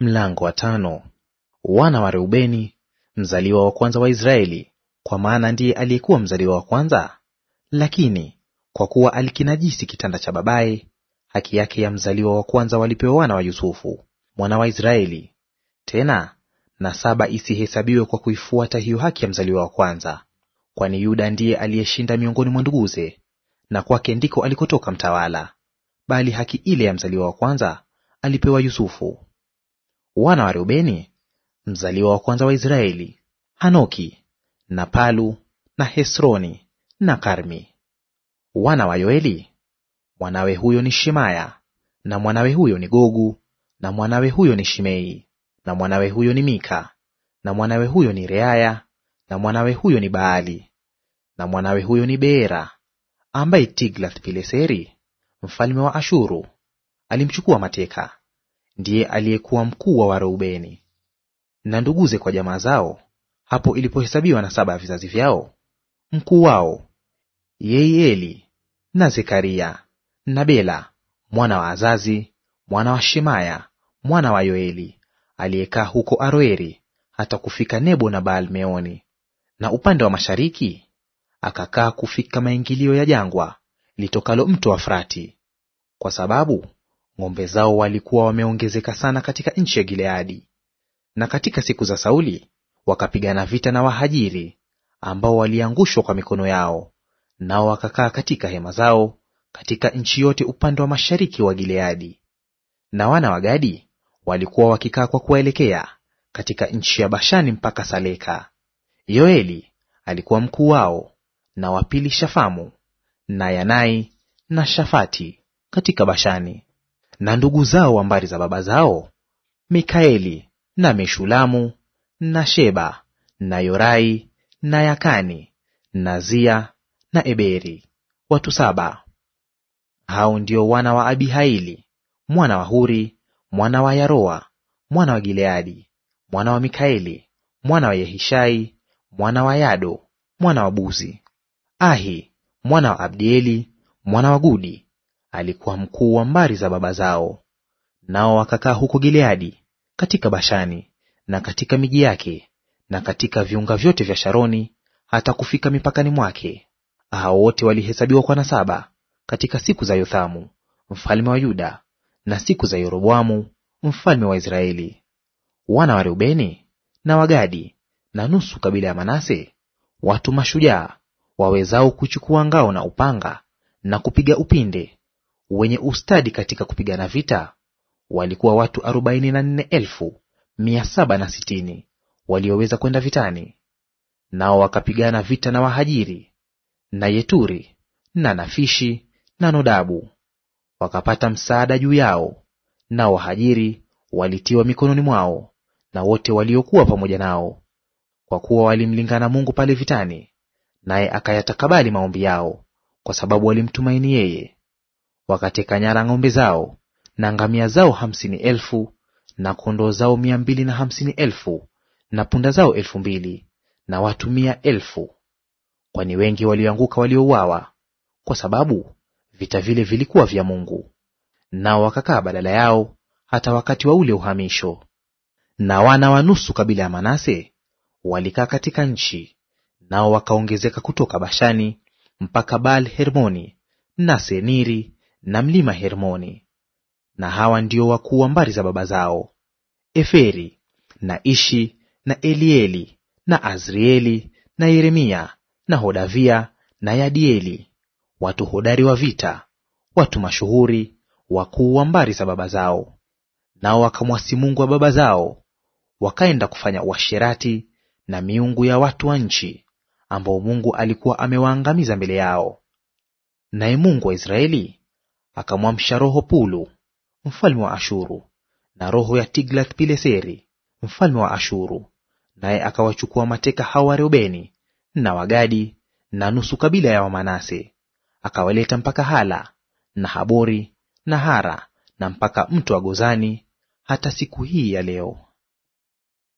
Mlango wa tano. Wana wa Reubeni mzaliwa wa kwanza wa Israeli, kwa maana ndiye aliyekuwa mzaliwa wa kwanza, lakini kwa kuwa alikinajisi kitanda cha babaye, haki yake ya mzaliwa wa kwanza walipewa wana wa Yusufu mwana wa Israeli. Tena na saba isihesabiwe kwa kuifuata hiyo haki ya mzaliwa wa kwanza, kwani Yuda ndiye aliyeshinda miongoni mwa nduguze, na kwake ndiko alikotoka mtawala; bali haki ile ya mzaliwa wa kwanza alipewa Yusufu. Wana wa Reubeni mzaliwa wa kwanza wa Israeli, Hanoki na Palu na Hesroni na Karmi. Wana wa Yoeli mwanawe huyo ni Shemaya na mwanawe huyo ni Gogu na mwanawe huyo ni Shimei na mwanawe huyo ni Mika na mwanawe huyo ni Reaya na mwanawe huyo ni Baali na mwanawe huyo ni Beera, ambaye Tiglath-Pileseri mfalme wa Ashuru alimchukua mateka ndiye aliyekuwa mkuu wa Wareubeni. Na nduguze kwa jamaa zao, hapo ilipohesabiwa saba ya vizazi vyao, mkuu wao Yeieli na Zekaria na Bela mwana wa Azazi mwana wa Shemaya mwana wa Yoeli aliyekaa huko Aroeri hata kufika Nebo na Baal Meoni. Na upande wa mashariki akakaa kufika maingilio ya jangwa litokalo mto wa Frati, kwa sababu Ng'ombe zao walikuwa wameongezeka sana katika nchi ya Gileadi. Na katika siku za Sauli wakapigana vita na Wahajiri ambao waliangushwa kwa mikono yao, nao wakakaa katika hema zao katika nchi yote upande wa mashariki wa Gileadi. Na wana wa Gadi walikuwa wakikaa kwa kuwaelekea katika nchi ya Bashani mpaka Saleka. Yoeli alikuwa mkuu wao, na wapili Shafamu na Yanai na Shafati katika Bashani na ndugu zao wa mbari za baba zao, Mikaeli na Meshulamu na Sheba na Yorai na Yakani na Zia na Eberi, watu saba. Hao ndio wana wa Abihaili mwana wa Huri mwana wa Yaroa mwana wa Gileadi mwana wa Mikaeli mwana wa Yehishai mwana wa Yado mwana wa Buzi, Ahi mwana wa Abdieli mwana wa Gudi alikuwa mkuu wa mbari za baba zao. Nao wakakaa huko Gileadi, katika Bashani na katika miji yake na katika viunga vyote vya Sharoni hata kufika mipakani mwake. Hao wote walihesabiwa kwa nasaba katika siku za Yothamu mfalme wa Yuda na siku za Yeroboamu mfalme wa Israeli. Wana wa Reubeni na Wagadi na nusu kabila ya Manase, watu mashujaa wawezao kuchukua ngao na upanga na kupiga upinde wenye ustadi katika kupigana vita walikuwa watu arobaini na nne elfu mia saba na sitini walioweza kwenda vitani, nao wakapigana vita na Wahajiri na Yeturi na Nafishi na Nodabu, wakapata msaada juu yao, nao Wahajiri walitiwa mikononi mwao na wote waliokuwa pamoja nao, kwa kuwa walimlingana Mungu pale vitani, naye akayatakabali maombi yao, kwa sababu walimtumaini yeye. Wakateka nyara ng'ombe zao na ngamia zao hamsini elfu na kondoo zao mia mbili na hamsini elfu na punda zao elfu mbili na watu mia elfu. Kwani wengi walioanguka waliouawa, kwa sababu vita vile vilikuwa vya Mungu. Nao wakakaa badala yao hata wakati wa ule uhamisho. Na wana wa nusu kabila ya Manase walikaa katika nchi, nao wakaongezeka kutoka Bashani mpaka Baal Hermoni na Seniri na mlima Hermoni. Na hawa ndio wakuu wa mbari za baba zao: Eferi na Ishi na Elieli na Azrieli na Yeremia na Hodavia na Yadieli, watu hodari wa vita, watu mashuhuri, wakuu wa mbari za baba zao. Nao wakamwasi Mungu wa baba zao, wakaenda kufanya uasherati na miungu ya watu wa nchi ambao Mungu alikuwa amewaangamiza mbele yao. Naye Mungu wa Israeli akamwamsha roho Pulu mfalme wa Ashuru na roho ya Tiglath Pileseri mfalme wa Ashuru, naye akawachukua mateka hao Reubeni na Wagadi na nusu kabila ya Wamanase, akawaleta mpaka Hala na Habori na Hara na mpaka mto wa Gozani hata siku hii ya leo.